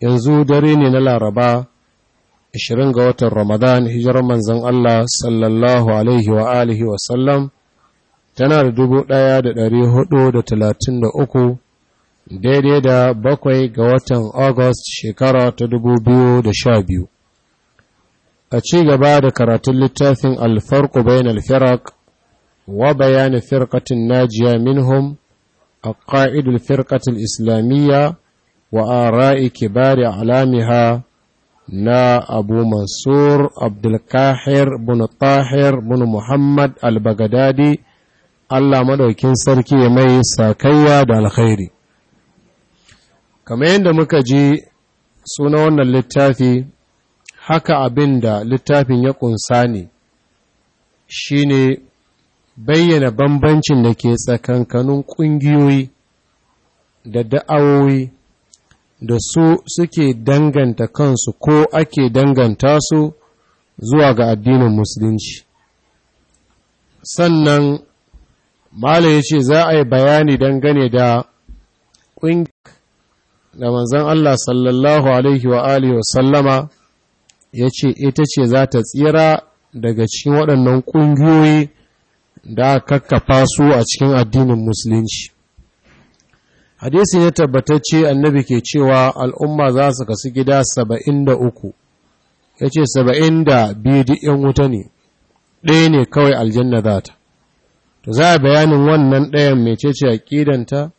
yanzu dare ne na laraba 20 ga watan ramadan hijirar manzan Allah sallallahu alaihi wa alihi wasallam tana da talatin da uku, daidai da bakwai ga watan august shekara ta sha biyu. a ci gaba da karatun littafin alfarko bayan alfirak wa bayani firkatin najiya minhum a ƙa'idul firkatul islamiyya Wa'ara ikibari alamiha na abu mansur abdulkahir bin tahir bin muhammad alba'gadadi, bagadadi allah madaukin sarki ya mai sakayya da alkhairi kamar yadda muka ji suna wannan littafi haka abin da littafin ya kunsa ne shine bayyana bambancin da ke tsakankanin ƙungiyoyi da da'awoyi da su suke danganta kansu ko ake danganta su zuwa ga addinin musulunci sannan mala ya ce za a yi bayani dangane da ƙungiyar da manzan Allah sallallahu alaihi wa alihi wa sallama ya ce ita ce za ta tsira daga cikin waɗannan ƙungiyoyi da kakkafa su a cikin addinin musulunci hadisi ne tabbatacce annabi ke cewa al'umma za su kasu gida saba'in da uku ya ce saba'in da biyu duk wuta ne ɗaya ne kawai aljanna za ta to za a bayanin wannan ɗayan mai mecece a ƙidanta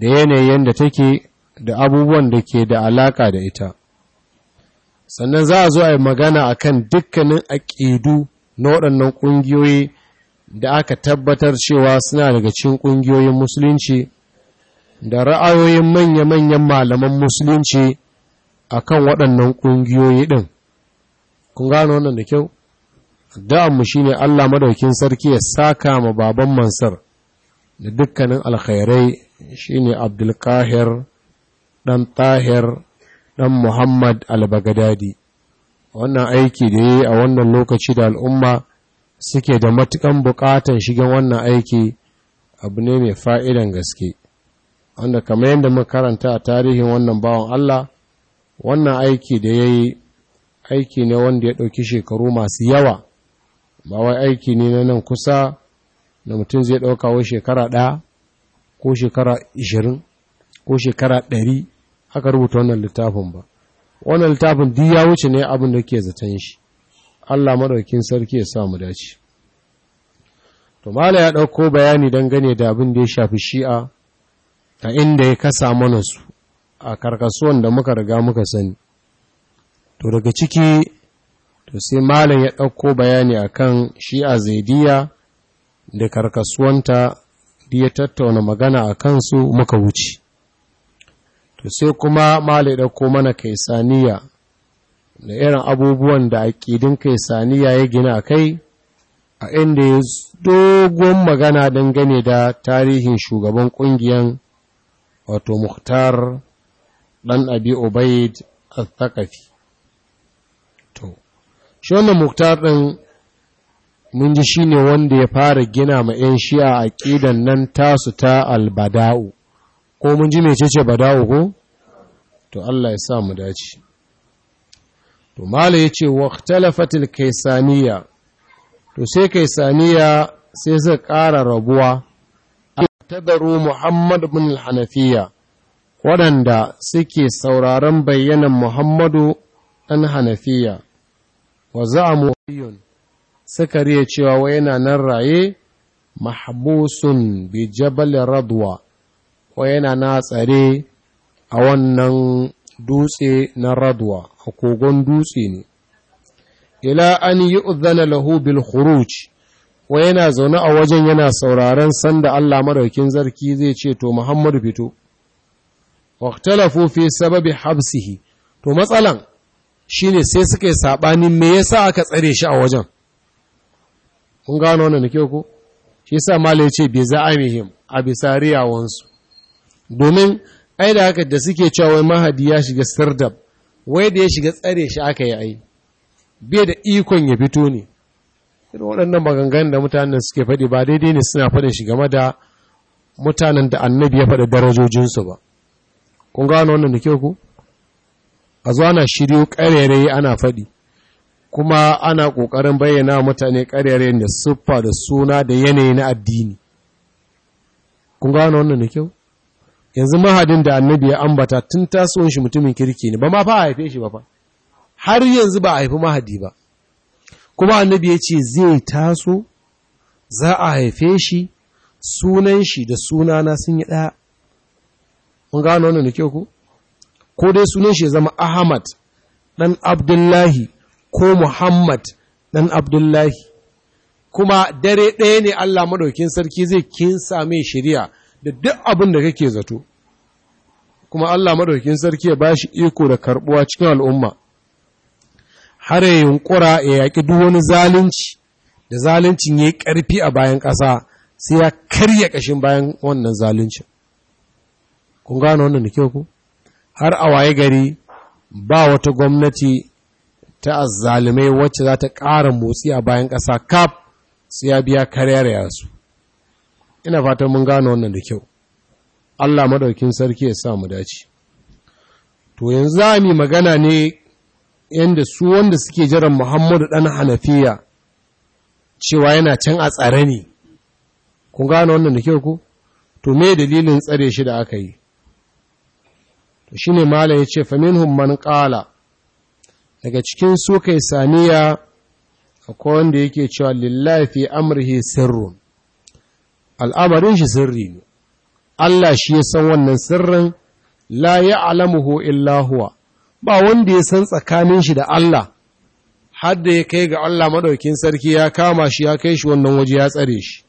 da yanayin da take da abubuwan da ke da alaƙa da ita sannan za a zo a yi magana a kan dukkanin aƙidu na waɗannan ƙungiyoyi da aka tabbatar cewa suna daga cikin ƙungiyoyin musulunci da ra'ayoyin manya-manyan malaman musulunci a kan waɗannan ƙungiyoyi ɗin. Kun gano wannan da kyau? Da'anmu shi ne Allah madaukin sarki ya saka ma baban Mansar da dukkanin alkhairai shi ne Abdulkahir ɗan Tahir ɗan Muhammad albagadadi Wannan aiki da ya yi a wannan lokaci da al'umma suke da matuƙan buƙatan shigen wannan aiki abu ne mai fa'idan gaske. wanda kamar yadda karanta a tarihin wannan bawan Allah wannan aiki da ya yi aiki ne wanda ya ɗauki shekaru masu yawa ba wai aiki ne na nan kusa da mutum zai ɗauka wa shekara ɗaya ko shekara ishirin ko shekara ɗari aka rubuta wannan littafin ba wannan littafin duk ya wuce ne abin da ke zaton shi Allah maɗaukin sarki ya sa mu dace to mala ya ɗauko bayani dangane da abin da ya shafi shi'a ta inda ya kasa mana su a karkasuwan da muka riga muka sani to daga ciki to sai malam ya ɗauko bayani akan shi'a zaidiya da karkasuwanta da ya tattauna magana a kansu muka wuce to sai kuma malam ya ɗauko mana kaisaniya da irin abubuwan da aƙidin kaisaniya ya gina a kai a inda ya dogon magana dangane da tarihin shugaban ƙungiyar wato muhtar ɗan abi ubaid al-thaqafi to shi wannan muhtar ɗin mun ji shi ne wanda ya fara gina ma 'yan shi'a aƙidan nan tasu ta albada'u ko mun ji mecece bada'u ko to Allah ya sa mu dace to mala ya ce waqtalafatil kaisaniya to sai kaisaniya sai suka ƙara rabuwa tabaru Muhammad bin Hanafiya waɗanda suke sauraron bayyanan Muhammadu ɗan Hanafiya wa za'amu suka riye cewa wa yana nan raye mahbusun bi jabal radwa wa yana na tsare a wannan dutse na radwa a kogon dutse ne ila an yi lahu bil khuruj wa yana zaune a wajen yana sauraren sanda Allah madaukin zarki zai ce to Muhammadu fito waqtalafu fi sababi habsihi to matsalan shine sai suka yi sabani me yasa aka tsare shi a wajen kun gano wannan nake ko shi yasa malai ce bi za'amihim a bisariya wansu domin ai da haka da suke cewa wai mahadi ya shiga sirdab wai da ya shiga tsare shi aka yi ai bai da ikon ya fito ne irin waɗannan maganganun da mutanen suke faɗi ba daidai ne suna faɗin shi game da mutanen da annabi ya faɗa darajojinsu ba kun gano wannan da kyau ku a zo ana shiryu ƙarerai ana faɗi kuma ana ƙoƙarin bayyana mutane ƙarerai da siffa da suna da yanayi na addini kun gano wannan da kyau yanzu mahadin da annabi ya ambata tun tasowar shi mutumin kirki ne ba ma fa a haife shi ba fa har yanzu ba a haifi mahadi ba kuma annabi ya ce zai taso za a haife shi sunan shi da sunana sun yi ɗaya mun gano wannan da kyau ku ko dai sunan shi ya zama ahmad ɗan abdullahi ko muhammad ɗan abdullahi kuma dare ɗaya ne allah maɗaukin sarki zai kin same shirya da duk abin da kake zato kuma allah maɗaukin sarki ya ba shi iko da karɓuwa cikin al'umma har ya yunkura ya yaƙi duk wani zalunci da zaluncin ya yi ƙarfi a bayan ƙasa sai ya karya ƙashin bayan wannan zaluncin kun gano wannan da kyau ku har a waye gari ba wata gwamnati ta azzalumai wacce za ta ƙara motsi a bayan ƙasa kaf sai ya biya karyar su ina fatan mun gano wannan da kyau Allah madaukin sarki ya sa mu dace to yanzu za mu magana ne yadda su wanda suke jiran Muhammadu ɗan Hanafiya cewa yana can a tsare ne, kun gano wannan da kyau ku? To, me dalilin tsare shi da aka yi? To, shi ne Malam ya ce, famin man ƙala, daga cikin su kai saniya akwai wanda yake cewa lillahi fi amrihi sirrun, al'amarin shi sirri ne, Allah shi ya san wannan sirrin, la ya alamuhu illa huwa. ba wanda ya san tsakanin shi da Allah hadda ya kai ga Allah maɗaukin sarki ya kama shi ya kai shi wannan waje ya tsare shi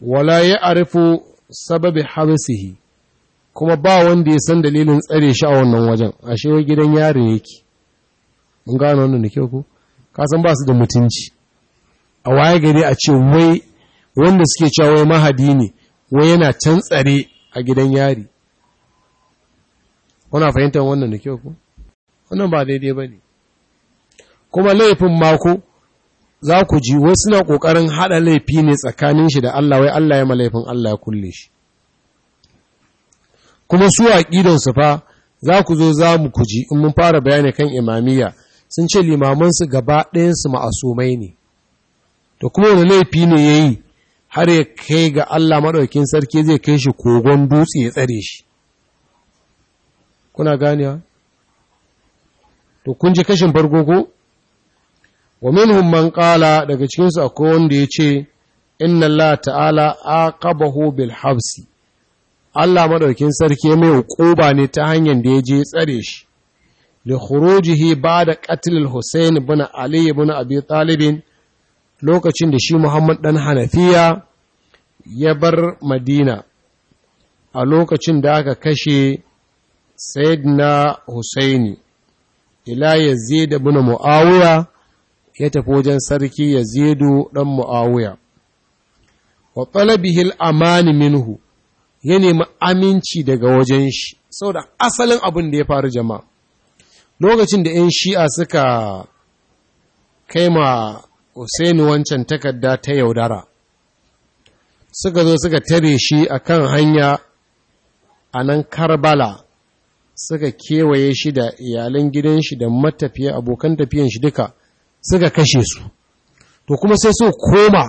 wala ya arifu sababi habsihi kuma ba wanda ya san dalilin tsare shi a wannan wajen ashe wai gidan yari yake mun gano wannan da kyau ko ka san ba su da mutunci a waye gari a ce wai wanda suke cewa wai mahadi ne wai yana can tsare a gidan yari kuna fahimtar wannan da kyau ku wannan ba daidai ba ne kuma laifin mako za ku ji wasu na ƙoƙarin haɗa laifi ne tsakanin shi da Allah wai Allah ya ma laifin Allah ya kulle shi kuma su a su fa za ku zo za mu ku ji in mun fara bayani kan imamiyya sun ce limamansu gaba ɗayansu ma'asumai ne to kuma wani laifi ne ya yi har ya kai ga Allah maɗaukin sarki zai kai shi kogon dutse ya tsare shi kuna ganewa to kun ji kashin farko ko wa minhum man qala daga cikin su akwai wanda ya ce inna Allah ta'ala aqabahu bil habsi Allah madaukin sarki ya mai hukuba ne ta hanyar da ya je tsare shi li khurujihi ba'da qatl al-Husayn ibn Ali ibn Abi Talib lokacin da shi Muhammad dan Hanafiya ya bar Madina a lokacin da aka kashe sayyidina husaini ila yazid ibn muawiya ya tafi wajen sarki yazidu dan muawiya wa talabihi al-amani minhu ya nemi aminci daga wajen shi saboda asalin abin da ya faru jama'a lokacin da 'yan shi'a suka kai ma Usaini wancan takarda ta yaudara suka zo suka tare shi a kan hanya a nan Karbala suka kewaye shi da iyalan gidan shi da matafiya abokan tafiyan shi duka suka kashe su to kuma sai su koma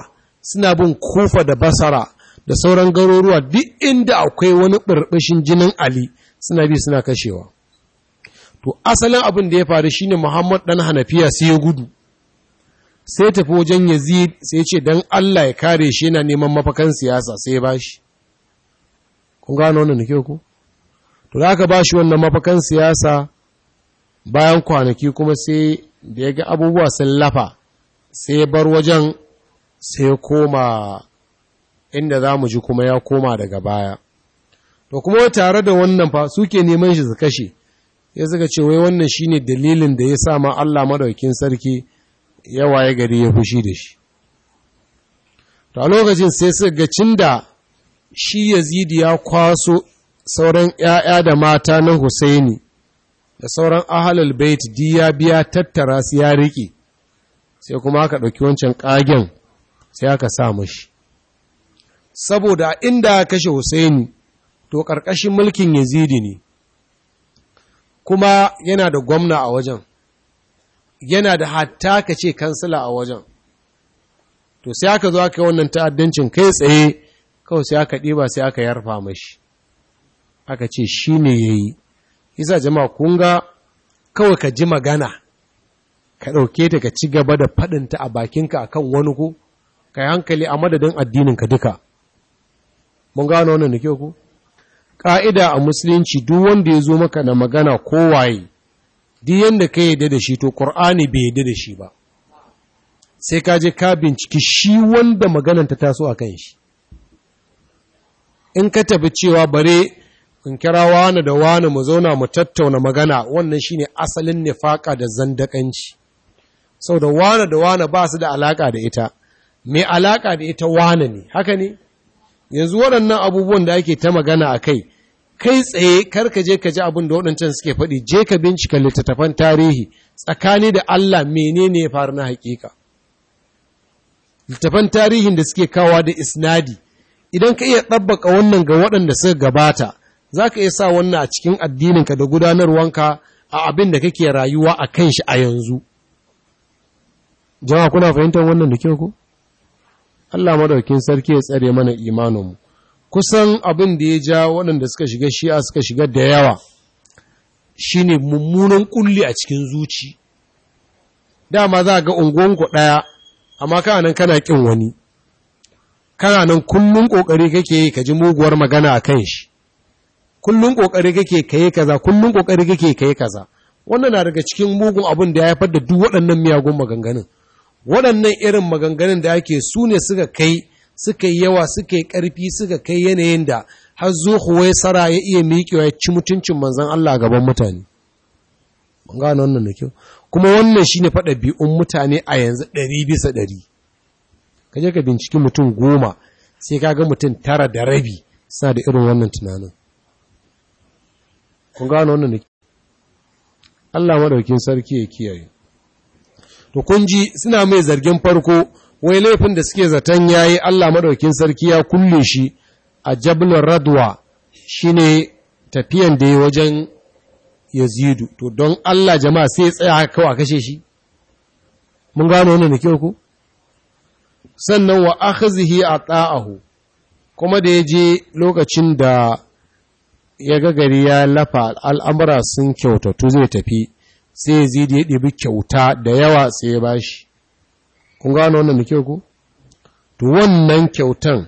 suna bin kufa da basara da sauran garuruwa duk inda akwai wani burbushin jinin ali suna bi suna kashewa to asalin abin da ya faru shine muhammad dan hanafiya sai ya gudu sai tafi wajen yazid sai ce dan Allah ya kare shi yana neman mafakan siyasa sai ya bashi kun gano wannan nake ku to da aka ba shi wannan mafakan siyasa bayan kwanaki kuma sai da ya ga abubuwa sun lafa sai ya bar wajen sai ya koma inda za mu ji kuma ya koma daga baya to kuma tare da wannan fa suke neman shi su kashe ya suka ce wai wannan shi ne dalilin da ya sa ma Allah madaukin sarki ya waye gari ya fushi da shi to a lokacin sai suka ga cinda shi Yazidi ya kwaso sauran ‘ya'ya da mata na Hussaini da sauran ahalul bait ya biya tattara su ya riƙe, sai kuma aka ɗauki wancan ƙagen sai aka sa mashi. Saboda inda kashe Hussaini, to ƙarƙashin mulkin Yazidi ne, kuma yana da gwamna a wajen, yana da hatta ka ce kansila a wajen. To sai aka zo aka yi wannan ta'addancin kai tsaye, kawai sai aka ɗiba sai aka yarfa mashi. aka ce shi ne ya yi isa jama'a kunga kawai ka ji magana ka ɗauke ta ka ci gaba da faɗinta a bakinka a kan wani ko ka yi hankali a madadin addininka duka mun gano wannan da kyau ku ƙa'ida a musulunci duk wanda ya zo maka na magana kowaye duk yadda ka yadda da shi to ƙur'ani bai yadda da shi ba sai ka je ka binciki shi wanda maganan ta taso a kan shi in ka tafi cewa bare in kira wani da wani mu zauna mu tattauna magana wannan shine asalin nifaka da zandakanci sau da wani da wani ba su da alaka da ita mai alaka da ita wani ne haka ne yanzu waɗannan abubuwan da ake ta magana a kai kai tsaye karka je ka ji abin da waɗancan suke faɗi je ka bincika littattafan tarihi tsakani da Allah menene ya faru na hakika littattafan tarihin da suke kawa da isnadi idan ka iya ɗabbaka wannan ga waɗanda suka gabata za ka iya sa wannan a cikin addininka da gudanarwanka a abin da kake rayuwa a kan shi a yanzu jama'a kuna fahimtar wannan da kyau ko Allah madaukin sarki ya tsare mana imaninmu kusan abin da ya ja waɗanda suka shiga shi'a suka shiga da yawa shi ne mummunan kulli a cikin zuci dama za ga unguwanku ɗaya amma kana nan kana ƙin wani kana nan kullum ƙoƙari kake yi ka ji muguwar magana a kan shi kullun kokari kake kai kaza kullun kokari kake kai kaza wannan na daga cikin mugun abin da ya haifar da duk waɗannan miyagun maganganun waɗannan irin maganganun da ake su ne suka kai suka yi yawa suka yi ƙarfi suka kai yanayin da har zo sara ya iya miƙewa ya ci mutuncin manzan Allah gaban mutane gano wannan da kyau kuma wannan shine faɗa bi'un mutane a yanzu ɗari bisa ɗari ka je ka binciki mutum goma sai ka ga mutum tara da rabi suna da irin wannan tunanin kun gano wannan ne Allah madaukin sarki ya kiyaye to kun ji suna mai zargin farko wai laifin da suke zaton yayi Allah madaukin sarki ya kulle shi a Jabal radwa shine tafiyan da ya wajen yazidu to don Allah jama'a sai ya tsaya kawai kashe shi mun gano wannan ne kyau ku sannan wa akhzihi ata'ahu kuma da ya je lokacin da ya ga gari ya lafa al'amura sun kyautatu zai tafi sai ya zidi ya ɗibi kyauta da yawa sai ya ba shi kun gano wannan da kyau ku? to wannan kyautan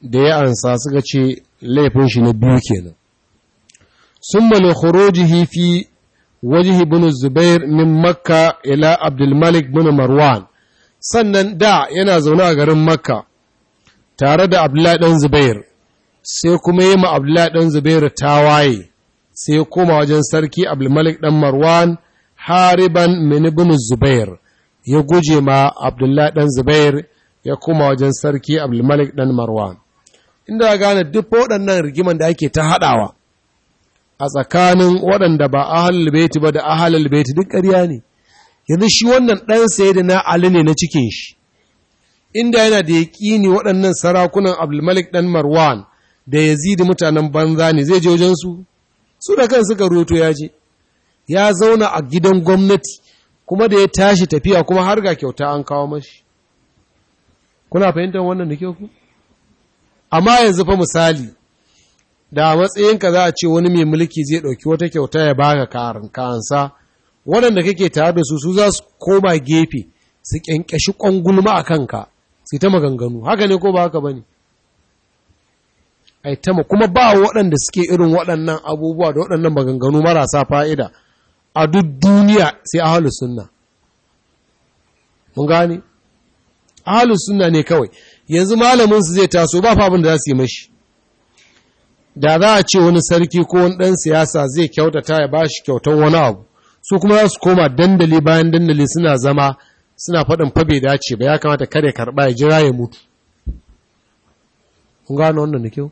da ya ansa suka ce laifin shi na biyu kenan sun mali khorojihi hifi waje hibinu zubair min makka ila abdulmalik bin marwan sannan da yana zaune a garin makka tare da abdullahi ɗan zubair sai kuma yi ma abdullahi ɗan zubairu waye, sai kuma koma wajen sarki abdulmalik ɗan marwan hariban minibin zubair ya guje ma abdullahi ɗan zubair ya koma wajen sarki abdulmalik ɗan marwan inda gane duk waɗannan rigiman da ake ta haɗawa a tsakanin waɗanda ba a baiti ba da ahalul baiti duk ƙarya ne yanzu shi wannan ɗan saye da na ali ne na cikin shi inda yana da yaƙini waɗannan sarakunan abdulmalik ɗan marwan da yazidi mutanen banza ne zai je wajensu su da kan suka roto ya je ya zauna a gidan gwamnati kuma da ya tashi tafiya kuma har ga kyauta an kawo mashi kuna fahimtar wannan da kyau ku amma yanzu fa misali da matsayinka za a ce wani mai mulki zai ɗauki wata kyauta ya baka karin kansa waɗanda kake tare da su su za su koma gefe su ƙyanƙyashi ƙwangulma a kanka su ta maganganu haka ne ko ba haka ba ne ai kuma ba waɗanda suke irin waɗannan abubuwa da waɗannan maganganu marasa fa'ida a duk duniya sai ahalus sunna mun gane ahalus sunna ne kawai yanzu malaminsu zai taso ba fa abin da za su yi mashi da za a ce wani sarki ko wani ɗan siyasa zai kyautata ya ba shi kyautan wani abu su kuma za su koma dandali bayan dandali suna zama suna faɗin fabe dace ba ya kamata kare karɓa ya jira ya mutu Mun wannan da kyau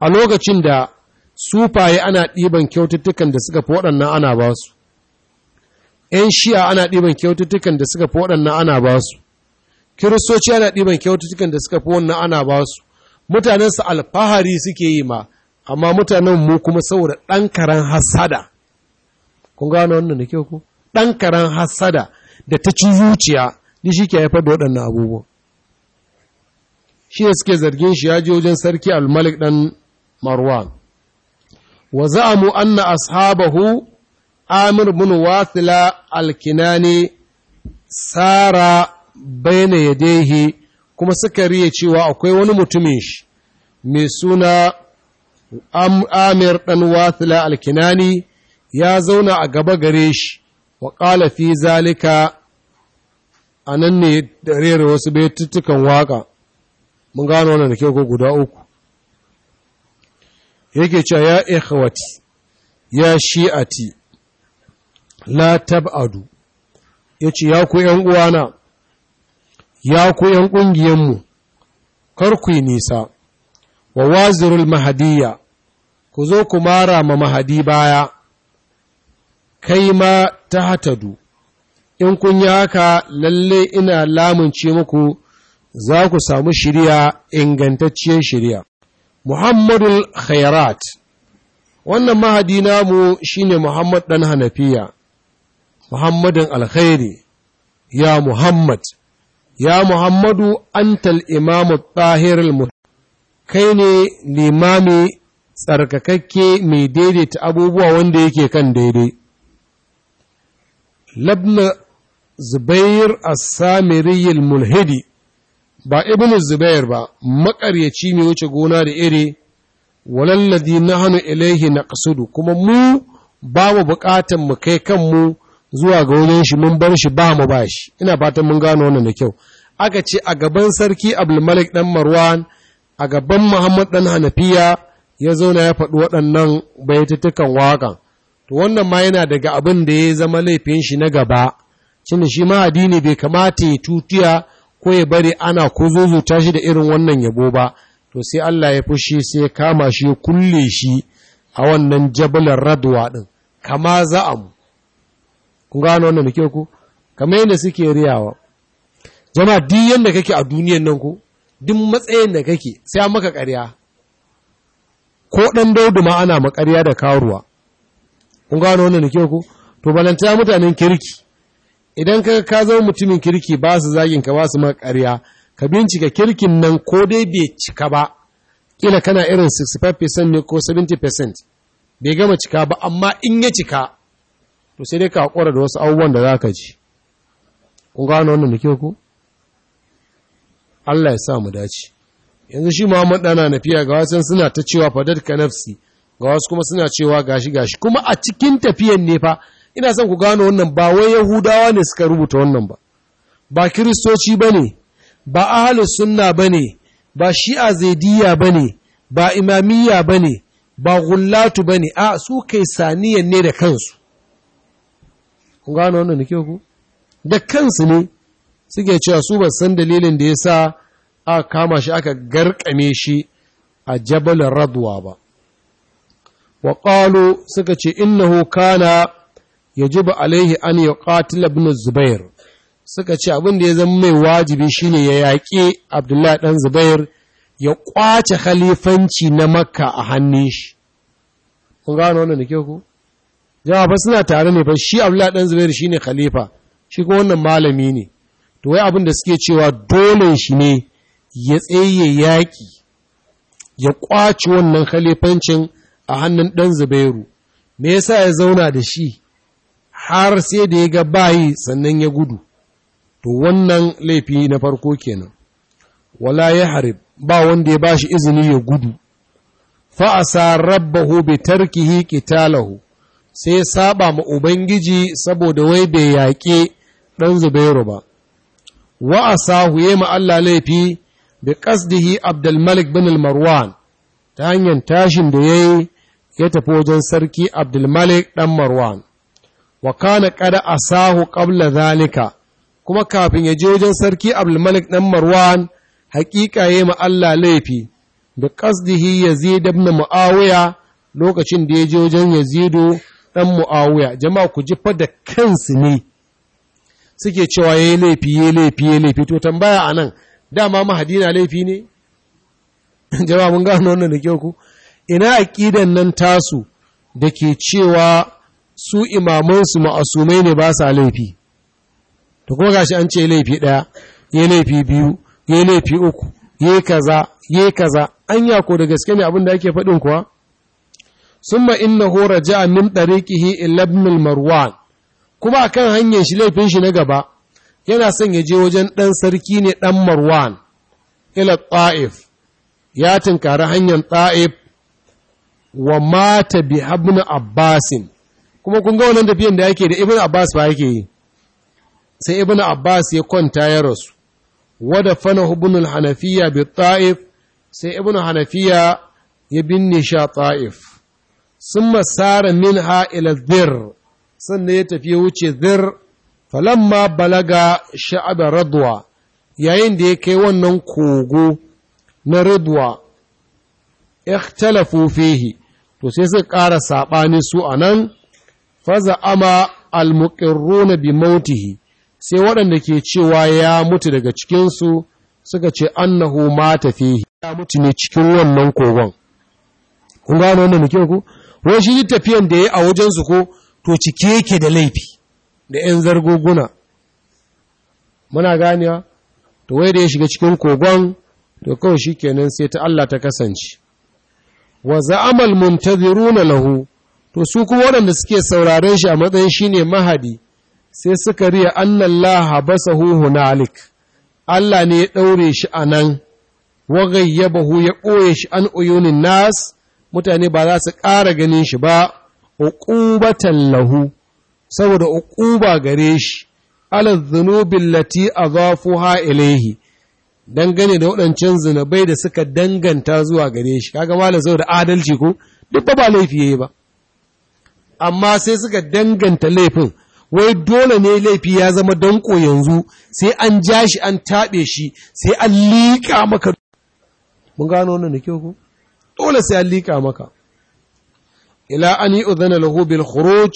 a lokacin da sufaye ana ɗiban kyaututtukan da suka fi waɗannan ana ba su ‘yan shi'a ana ɗiban kyaututtukan da suka fi waɗannan ana ba su kiristoci ana ɗiban kyaututtukan da suka fi wannan ana ba su mutanensu alfahari suke yi ma amma mutanen mu kuma saboda ɗan karen hasada kun gano wannan da kyau ko ɗan karen hasada da ta ci zuciya ni shi ke haifar da waɗannan abubuwan shi ne suke zargin shi ya je wajen sarki al-malik ɗan marwan wa za'amu anna ashabahu amir mun wasila alkinani sara baina yadehi kuma suka riya cewa akwai wani mutumin shi mai suna amir ɗan wasila alkinani ya zauna a gaba gare shi wa ƙala fi zalika a ne da rera wasu baituttukan waƙa mun gano wannan da kyau ko guda uku yake cewa ya ikhwati ya shi'ati la tab'adu yace ya ku ƴan uwana ya ku ƴan mu kar ku yi nisa wa wazirul mahadiyya ku zo ku mara ma mahadi baya kai ma ta hatadu in kun yi haka lalle ina lamunce muku za ku samu shirya ingantacciyar shirya Muhammadul Khairat wannan mahadi namu shine Muhammad ɗan Hanafiya, Muhammadin Alkhairi, ya Muhammad, ya Muhammadu antal imamu ɗahirul kai ne limami tsarkakakke mai daidaita abubuwa wanda yake kan daidai. Labna Zubair as-Samiriyil Mulhidi ba ibn zubair ba makaryaci ne wuce gona da iri walalladhi nahnu ilaihi naqsudu kuma mu ba mu bukatan mu kai kanmu zuwa ga wajen shi mun bar shi ba mu ba shi ina fatan mun gano wannan da kyau aka ce a gaban sarki abdulmalik dan marwan a gaban muhammad dan hanafiya ya zauna ya faɗi waɗannan baitutukan waƙan to wannan ma yana daga abin da ya zama laifin shi na gaba cin shi ma addini bai kamata ya tutiya ko ya bari ana ko zuzuta shi da irin wannan yabo ba to sai Allah ya fushi sai ya kama shi ya kulle shi a wannan jabalar radwa din kama za'am kun gano wannan da ku Kama yadda suke riyawa jama'a duk yanda kake a duniyan nan ko duk matsayin da kake sai an maka ƙarya ko ɗan daudu ma ana makarya da karuwa kun gano wannan da ku to balanta mutanen kirki idan ka ka zama mutumin kirki ba su zagin ka ba su ma ƙarya ka bincika kirkin nan ko dai bai cika ba kila kana irin 65% ne ko 70% bai gama cika ba amma in ya cika to sai dai ka haƙura da wasu abubuwan da za ka ji kun gano wannan da ke ku Allah ya sa mu dace yanzu shi Muhammad dana nafiya ga wasan suna ta cewa fadad ka nafsi ga wasu kuma suna cewa gashi gashi kuma a cikin tafiyan ne fa ina son ku gano wannan ba wai yahudawa ne suka rubuta wannan ba ba kiristoci ba ne ba ahalus sunna ba ne ba shi'a zaidiya ba ne ba Imamiya ba ne ba gullatu ba ne a su kai saniyan ne da kansu Ku gano wannan nake ku da kansu ne suke cewa su ba san dalilin da ya sa aka kama shi aka garkame shi a jabal radwa ba wa suka ce innahu hukana. yajibu alaihi an yuqatil ibn zubair suka ce abin da ya zama mai wajibi shine ya yaƙi abdullahi ɗan zubair ya ƙwace khalifanci na makka a hannun shi kun gano wannan da ke ku jama'a ba suna tare ne ba shi abdullahi ɗan zubair shine khalifa shi kuma wannan malami ne to wai abin da suke cewa dole shi ne ya tsaye yaƙi ya ƙwace wannan khalifancin a hannun ɗan zubairu me yasa ya zauna da shi har sai da ya ga bayi sannan ya gudu to wannan laifi na farko kenan wala ya harib ba wanda ya bashi izini ya gudu fa'asa rabbahu bi tarkihi qitalahu sai ya saba ma ubangiji saboda wai bai yaƙe ɗan zubairu ba wa huye ma Allah laifi bi qasdihi Abdul Malik bin Marwan ta hanyar tashin da yayi ya tafi wajen sarki Abdul ɗan Marwan wa kana kada asahu qabla zalika kuma kafin ya je wajen sarki Abdulmalik dan Marwan haƙiƙa yayi ma Allah laifi da qasdihi Yazid ibn Muawiya lokacin da ya je wajen Yazidu dan Muawiya jama'a ku ji fa da kansu ne suke cewa yayi laifi yayi laifi yayi laifi to tambaya anan dama mahadina laifi ne jama'a mun gano wannan da kyau ku ina aqidan nan tasu da ke cewa su imamansu ma'asumai ne ba sa laifi to kuma gashi an ce laifi ɗaya ya laifi biyu ya laifi uku ya kaza ya kaza An ko da gaske ne abin da ake faɗin kuwa sun summa innahu ja min dariqihi ila ilabnul marwan kuma akan hanyar shi laifin shi na gaba yana son ya je wajen ɗan sarki ne ɗan marwan ila ta'if ya tunkari hanyar ta'if wa mata bi abbasin kuma kun ga wannan tafiyan da yake da ibn abbas ba yake yi sai ibn abbas ya kwanta ya rasu wada fana ibn al-hanafiya bi ta'if sai ibn hanafiya ya binne sha ta'if summa sara minha ila dhir sannan ya tafi wuce dhir falamma balaga sha'ab radwa yayin da ya kai wannan kogo na radwa ikhtalafu fihi to sai suka ƙara saɓani su a nan faza ama almuqirruna bi mautihi sai waɗanda ke cewa ya mutu daga cikinsu suka ce annahu ma fihi ya mutu ne cikin wannan kogon kun gano wannan nake ku wai shi tafiyan da yayi a wajen su ko to cike yake da laifi da yan zargoguna muna ganewa to wai da ya shiga cikin kogon to kawai shikenan sai ta Allah ta kasance wa za'amal muntaziruna lahu to su kuma waɗanda suke sauraren shi a matsayin shi ne mahadi sai suka riya huhu na alik!" Allah ne ya ɗaure shi a nan ya bahu ya ɓoye shi an uyunin nas mutane ba za su ƙara ganin shi ba uqubatan lahu saboda uƙuba gare shi ala zunubin lati adafuha ilayhi dangane da waɗancan zunabai da suka danganta zuwa gare shi kaga malam saboda adalci ko duk ba laifi ba amma sai suka danganta laifin wai dole ne laifi ya zama danko yanzu sai an ja shi an taɓe shi sai an liƙa maka mun gano wannan da kyau ko dole sai an liƙa maka ila an yi udhana lahu bil khuruj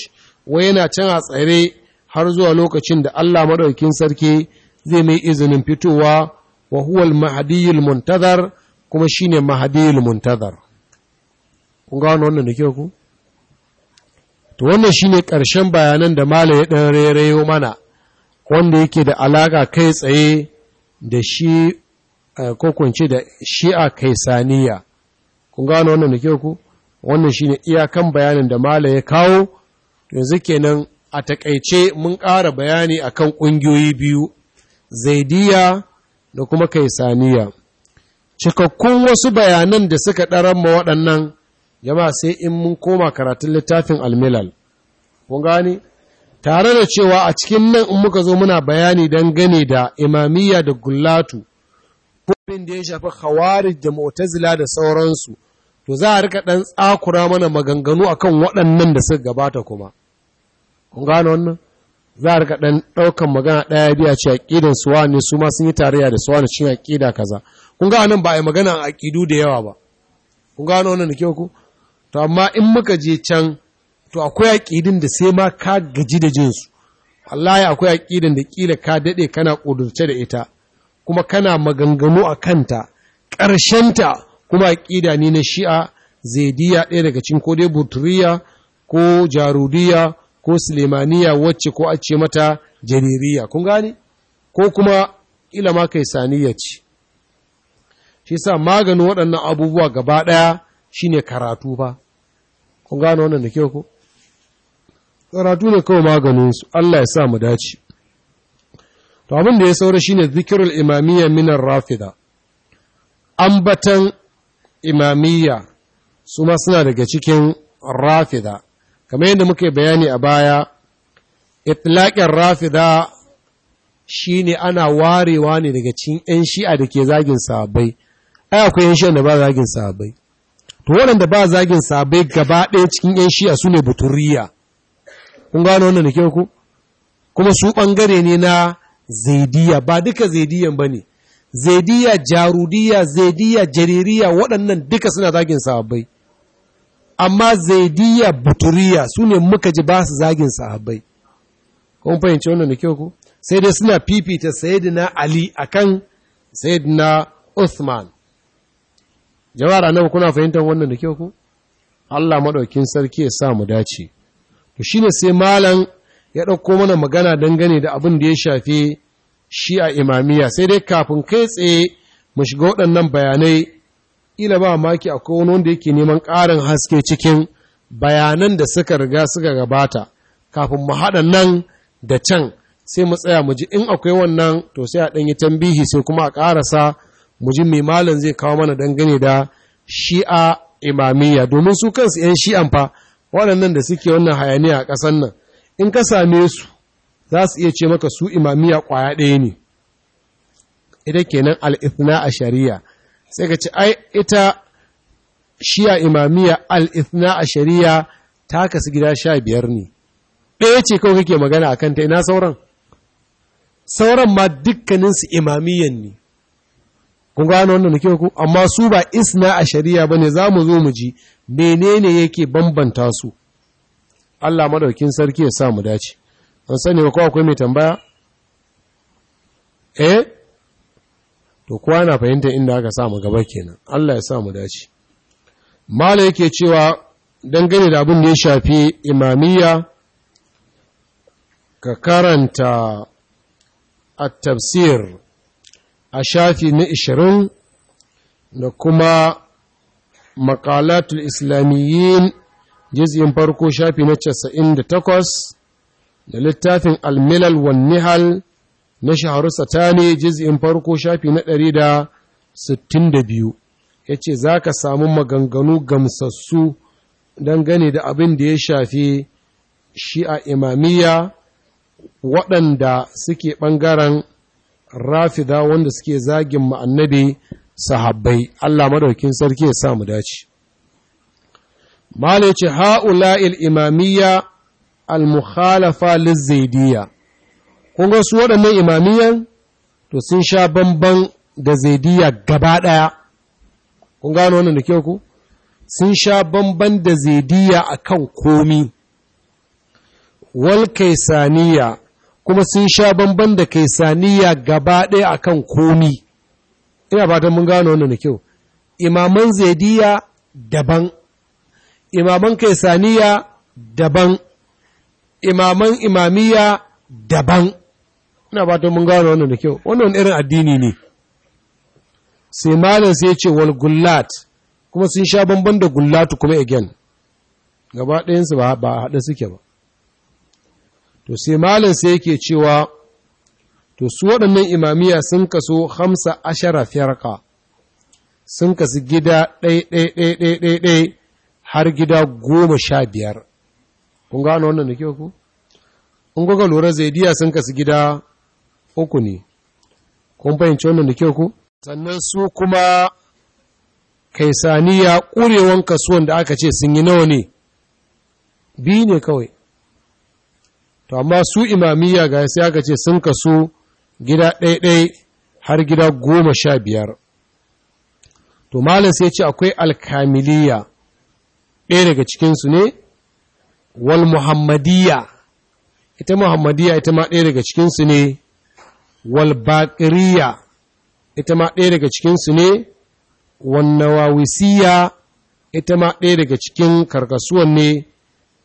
wai yana can a tsare har zuwa lokacin da Allah maɗaukin sarki zai mai izinin fitowa wa huwa al muntazar kuma shine mahdiyul muntazar kun gano wannan da kyau ko wannan shine ƙarshen bayanan da malam ya ɗan rairayo mana wanda yake da alaka kai tsaye da shi eh, ko kunce da shi'a kaisaniya kun gano wannan da kyau ku wannan shine iyakan bayanin da mala ya kawo yanzu kenan a takaice mun ƙara bayani akan ƙungiyoyi biyu zaidiya da kuma kaisaniya cikakkun wasu bayanan da suka ɗaran ma waɗannan jama'a sai in mun koma karatun littafin almilal kun gani tare da cewa a cikin nan in muka zo muna bayani don gane da imamiyya da gullatu kofin da ya shafi khawarij da mu'tazila da sauransu to za a rika ɗan tsakura mana maganganu akan waɗannan da suka gabata kuma kun gano wannan za a rika dan daukan magana ɗaya biya ce aqidan suwa ne su ma sun yi tarayya da suwa ne cin aqida kaza kun ga nan ba a yi magana aqidu aƙidu da yawa ba kun gano wannan ne ke ku to amma in muka je can to akwai aƙidin da sai ma ka gaji da jinsu wallahi akwai aƙidin da ƙila ka daɗe kana ƙudurce da ita kuma kana maganganu a kanta ƙarshenta kuma aƙida ne na shi'a zaidiya ɗaya daga cikin ko dai buturiya ko jarudiya ko sulemaniya wacce ko a ce mata jaririya kun gane ko kuma ƙila ma kai saniya ce shi sa maganin waɗannan abubuwa gaba ɗaya shine karatu ba kun gano wannan da kyau ku karatu ne kawai maganinsu Allah ya sa mu dace to abin da ya saura shine zikirul imamiyya minar rafida ambatan imamiyya su ma suna daga cikin rafida kamar yadda muke bayani a baya itlaqin rafida shine ana warewa ne daga cikin yan shi'a da ke zagin sahabbai ai akwai yan shi'a da ba zagin sahabbai to waɗanda ba zagin sabai gaba ɗaya cikin ‘yan shi'a su ne buturiya kun gano wannan da kyau ku kuma su ɓangare ne na zaidiya ba duka zaidiyan ba ne zaidiya jarudiya zaidiya jaririya waɗannan duka suna zagin sabai, amma zaidiya buturiya su ne muka ji ba su zagin sabai. kun fahimci wannan da kyau ku sai dai suna fifita sayidina ali akan sayidina Uthman jama'ar annabi kuna fahimtar wannan da kyau ku Allah madaukin sarki ya sa mu dace to shine sai malam ya dauko mana magana dangane da abin da ya shafi a imamiya. sai dai kafin kai tsaye mu shiga waɗannan bayanai ila ba maki akwai wani wanda yake neman ƙarin haske cikin bayanan da suka riga suka gabata kafin mu haɗa nan da can sai mu tsaya mu ji in akwai wannan to sai a ɗan tambihi sai kuma a ƙarasa mu ji mai malam zai kawo mana dangane da shi'a imamiyya domin su kansu 'yan shi'an fa waɗannan da suke wannan hayaniya a ƙasan nan in ka same su za su iya ce maka su imamiyya ƙwaya ɗaya ne ita kenan al'ithna a shari'a sai ka ce ai ita shi'a imamiyya al'ithna a shari'a ta kasu gida sha biyar ne ɗaya ce kawai kake magana a kanta ina sauran sauran ma dukkaninsu imamiyyan ne kun gano wannan nake ku amma su ba isna a shari'a bane za mu zo mu ji menene yake bambanta su Allah madaukin sarki ya sa mu dace an sani ko akwai mai tambaya eh to kowa na fahimta inda aka sa mu gaba kenan Allah ya sa mu dace mala yake cewa dangane da abin da ya shafi imamiyya ka karanta at-tafsir a shafi na ishirin da kuma makalatul islamiyyin jizyin farko shafi na casa'in da takwas da littafin almilal wan nihal na shaharu satani jizyin farko shafi na ɗari da sittin da biyu ya ce za ka samu maganganu gamsassu dangane da abin da ya shafi a imamiyya waɗanda suke ɓangaren rafida wanda suke zagin ma'annabi annabi sahabbai Allah madaukin sarki ya sa mu dace mala ce ha'ula'il imamiyya al-mukhalafa Zaidiyya, kun ga su waɗannan imamiyan to sun sha bamban da Zaidiyya gaba ɗaya kun gano wannan da ku sun sha bamban da zaidiya akan komi wal kaisaniya kuma sun sha bamban da kai saniya gaba ɗaya a kan komi ina ba mun gano wannan da kyau imaman zaidiya daban imaman kai saniya daban imaman imamiya daban ina ba mun gano wannan da kyau wannan irin addini ne sai malam sai ce wal gullat kuma sun sha bamban da gullatu kuma again gaba ɗayansu ba haɗe suke ba to sai malam sai yake cewa to su waɗannan imamiya sun kaso hamsa ashara fiyarka sun kasu gida ɗai-ɗai-ɗai-ɗai har gida goma sha biyar kun gano wannan da kyau ku? in kuka lura zaidiya sun kasu gida uku ne kun fahimci wannan da kyau ku? sannan su kuma kaisaniya ƙurewan kasuwan da aka ce sun yi nawa ne biyu ne kawai to amma su imamiyya ga sai aka ce sun kasu gida ɗaiɗai har gida goma sha biyar to malam sai ce akwai alkamiliya ɗaya daga cikinsu ne wal muhammadiyya ita muhammadiyya ita ma ɗaya daga cikinsu ne wal baƙiriya ita ma ɗaya daga cikinsu ne wal nawawisiya ita ma ɗaya daga cikin karkasuwan ne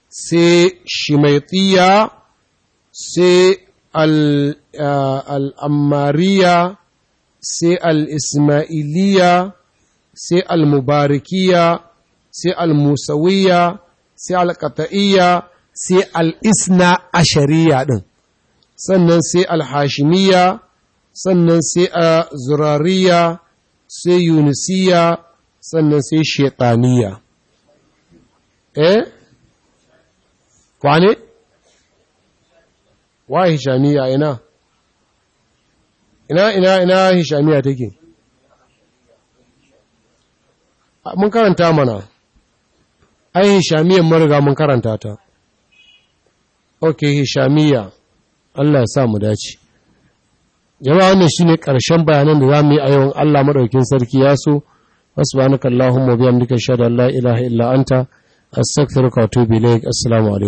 sai shimaitiya sai al'ammariya sai al'ismailiya sai al sai al-musawiya sai al sai Al'isna isna ashariya din sannan sai al-hashimiya sannan sai a zurariya sai yunisiya sannan sai shekaniya eh kwane wa hishamiya ina ina ina ina hishamiya take mun karanta mana ai hishamiyan mariga mun karanta ta ok hishamiya Allah ya sa mu dace jama'a wannan shine karshen bayanan da zamu yi a yau Allah madaukin sarki ya so subhanakallahumma wa bihamdika shada la ilaha illa anta astaghfiruka wa atubu ilaik assalamu alaikum